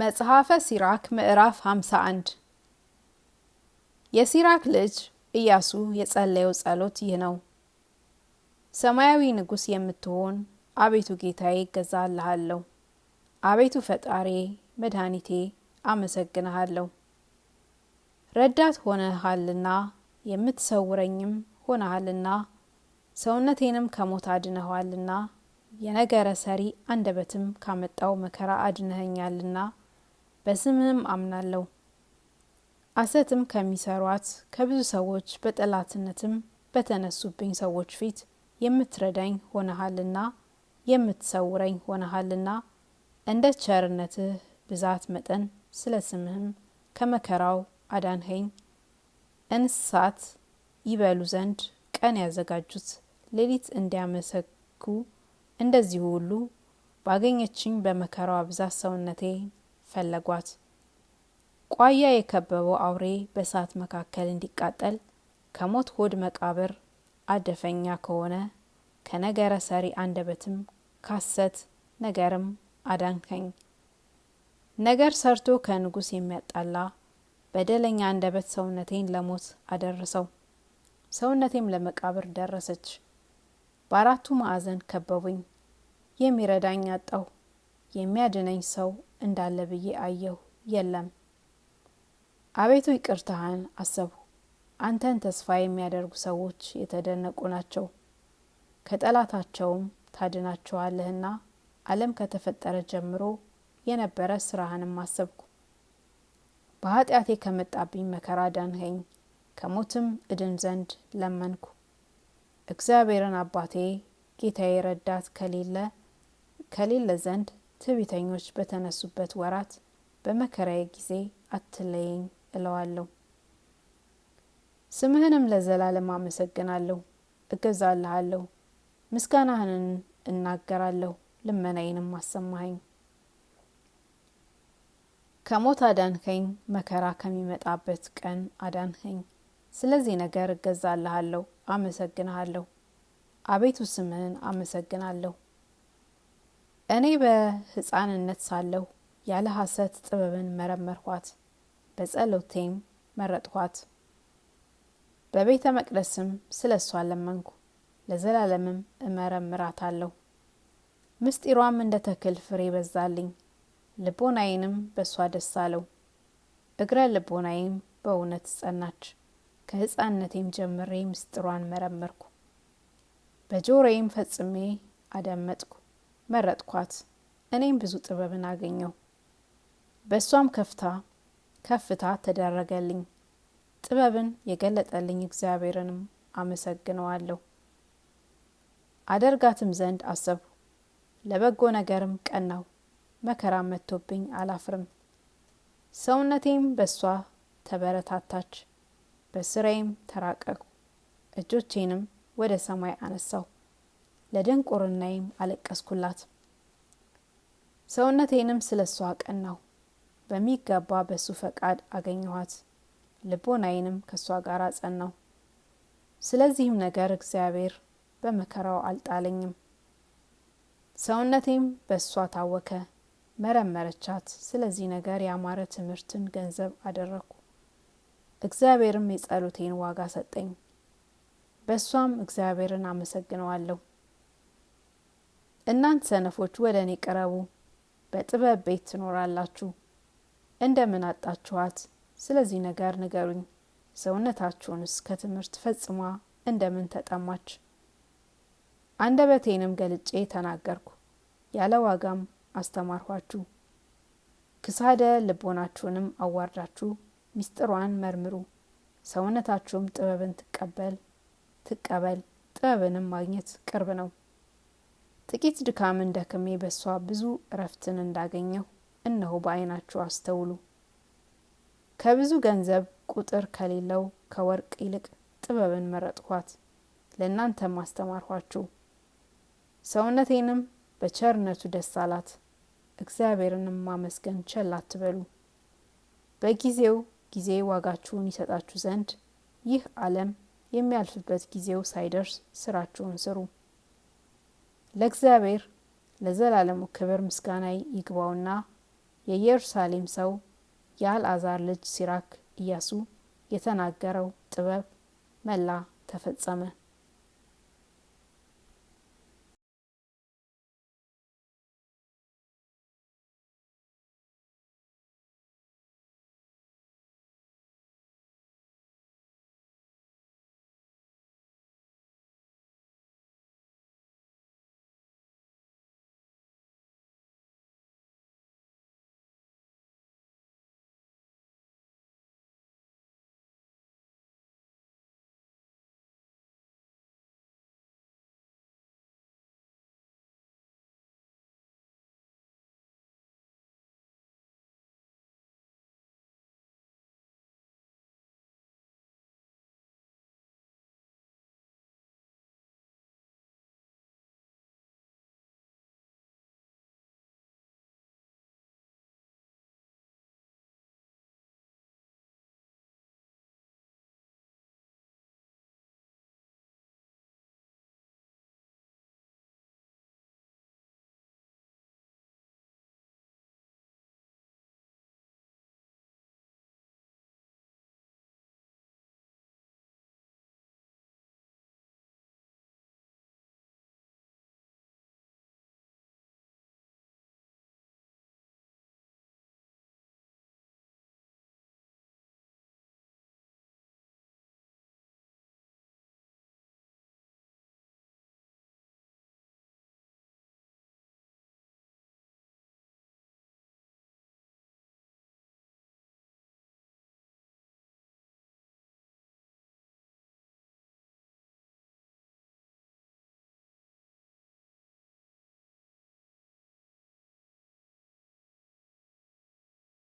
መጽሐፈ ሲራክ ምዕራፍ 51 የሲራክ ልጅ ኢያሱ የጸለየው ጸሎት ይህ ነው። ሰማያዊ ንጉሥ የምትሆን አቤቱ ጌታዬ እገዛልሃለሁ። አቤቱ ፈጣሬ መድኃኒቴ አመሰግንሃለሁ። ረዳት ሆነሃልና የምትሰውረኝም ሆነሃልና ሰውነቴንም ከሞት አድነኋልና የነገረ ሰሪ አንደበትም ካመጣው መከራ አድነኸኛልና በስምህም አምናለሁ። አሰትም ከሚሰሯት ከብዙ ሰዎች በጠላትነትም በተነሱብኝ ሰዎች ፊት የምትረዳኝ ሆነሃልና የምትሰውረኝ ሆነሃልና እንደ ቸርነትህ ብዛት መጠን ስለ ስምህም ከመከራው አዳንኸኝ። እንስሳት ይበሉ ዘንድ ቀን ያዘጋጁት ሌሊት እንዲያመሰኩ እንደዚሁ ሁሉ ባገኘችኝ በመከራዋ ብዛት ሰውነቴ ፈለጓት። ቋያ የከበበው አውሬ በእሳት መካከል እንዲቃጠል ከሞት ሆድ መቃብር አደፈኛ ከሆነ ከነገረ ሰሪ አንደበትም ካሰት ነገርም አዳንከኝ። ነገር ሰርቶ ከንጉስ የሚያጣላ በደለኛ አንደበት ሰውነቴን ለሞት አደረሰው፣ ሰውነቴም ለመቃብር ደረሰች። በአራቱ ማዕዘን ከበቡኝ፣ የሚረዳኝ አጣሁ። የሚያድነኝ ሰው እንዳለ ብዬ አየሁ። የለም። አቤቱ ይቅርታህን አሰብሁ። አንተን ተስፋ የሚያደርጉ ሰዎች የተደነቁ ናቸው፣ ከጠላታቸውም ታድናቸዋለህና። ዓለም ከተፈጠረ ጀምሮ የነበረ ስራህንም አሰብኩ። በኃጢአቴ ከመጣብኝ መከራ ዳንኸኝ፣ ከሞትም እድን ዘንድ ለመንኩ። እግዚአብሔርን አባቴ ጌታዬ ረዳት ከሌለ ከሌለ ዘንድ ትዕቢተኞች በተነሱበት ወራት በመከራዬ ጊዜ አትለየኝ እለዋለሁ። ስምህንም ለዘላለም አመሰግናለሁ፣ እገዛልሃለሁ፣ ምስጋናህንን እናገራለሁ፣ ልመናዬንም አሰማኸኝ። ከሞት አዳንኸኝ፣ መከራ ከሚመጣበት ቀን አዳንኸኝ። ስለዚህ ነገር እገዛልሃለሁ፣ አመሰግንሃለሁ። አቤቱ ስምህን አመሰግናለሁ። እኔ በሕፃንነት ሳለሁ ያለ ሐሰት ጥበብን መረመርኳት፣ በጸሎቴም መረጥኳት። በቤተ መቅደስም ስለ እሷ ለመንኩ፣ ለዘላለምም እመረምራታለሁ። ምስጢሯም እንደ ተክል ፍሬ በዛልኝ፣ ልቦናዬንም በእሷ ደስ አለው። እግረ ልቦናዬም በእውነት ጸናች። ከሕፃንነቴም ጀምሬ ምስጢሯን መረመርኩ፣ በጆሮዬም ፈጽሜ አደመጥኩ። መረጥኳት። እኔም ብዙ ጥበብን አገኘው። በእሷም ከፍታ ከፍታ ተደረገልኝ። ጥበብን የገለጠልኝ እግዚአብሔርንም አመሰግነዋለሁ። አደርጋትም ዘንድ አሰብሁ፣ ለበጎ ነገርም ቀናው። መከራም መጥቶብኝ አላፍርም። ሰውነቴም በእሷ ተበረታታች፣ በስራዬም ተራቀቁ። እጆቼንም ወደ ሰማይ አነሳው። ለደንቆርናይም አለቀስኩላት። ሰውነቴንም ስለ እሷ አቀናሁ። በሚገባ በሱ ፈቃድ አገኘኋት። ልቦናይንም ከእሷ ጋር አጸናው። ስለዚህም ነገር እግዚአብሔር በመከራው አልጣለኝም። ሰውነቴም በእሷ ታወከ። መረመረቻት። ስለዚህ ነገር ያማረ ትምህርትን ገንዘብ አደረግኩ። እግዚአብሔርም የጸሎቴን ዋጋ ሰጠኝ። በእሷም እግዚአብሔርን አመሰግነዋለሁ። እናንት ሰነፎች ወደ እኔ ቅረቡ፣ በጥበብ ቤት ትኖራላችሁ። እንደምን አጣችኋት? ስለዚህ ነገር ንገሩኝ። ሰውነታችሁንስ ከትምህርት ፈጽሟ እንደምን ተጠማች? አንደበቴንም ገልጬ ተናገርኩ፣ ያለ ዋጋም አስተማርኋችሁ። ክሳደ ልቦናችሁንም አዋርዳችሁ ሚስጥሯን መርምሩ። ሰውነታችሁም ጥበብን ትቀበል ትቀበል ጥበብንም ማግኘት ቅርብ ነው። ጥቂት ድካም እንደክሜ በሷ ብዙ እረፍትን እንዳገኘሁ እነሆ በዓይናችሁ አስተውሉ። ከብዙ ገንዘብ ቁጥር ከሌለው ከወርቅ ይልቅ ጥበብን መረጥኋት ለእናንተ አስተማርኋችሁ። ሰውነቴንም በቸርነቱ ደስ አላት። እግዚአብሔርንም ማመስገን ቸል አትበሉ። በጊዜው ጊዜ ዋጋችሁን ይሰጣችሁ ዘንድ ይህ ዓለም የሚያልፍበት ጊዜው ሳይደርስ ስራችሁን ስሩ። ለእግዚአብሔር ለዘላለሙ ክብር ምስጋና ይግባውና የኢየሩሳሌም ሰው የአልአዛር ልጅ ሲራክ ኢያሱ የተናገረው ጥበብ መላ ተፈጸመ።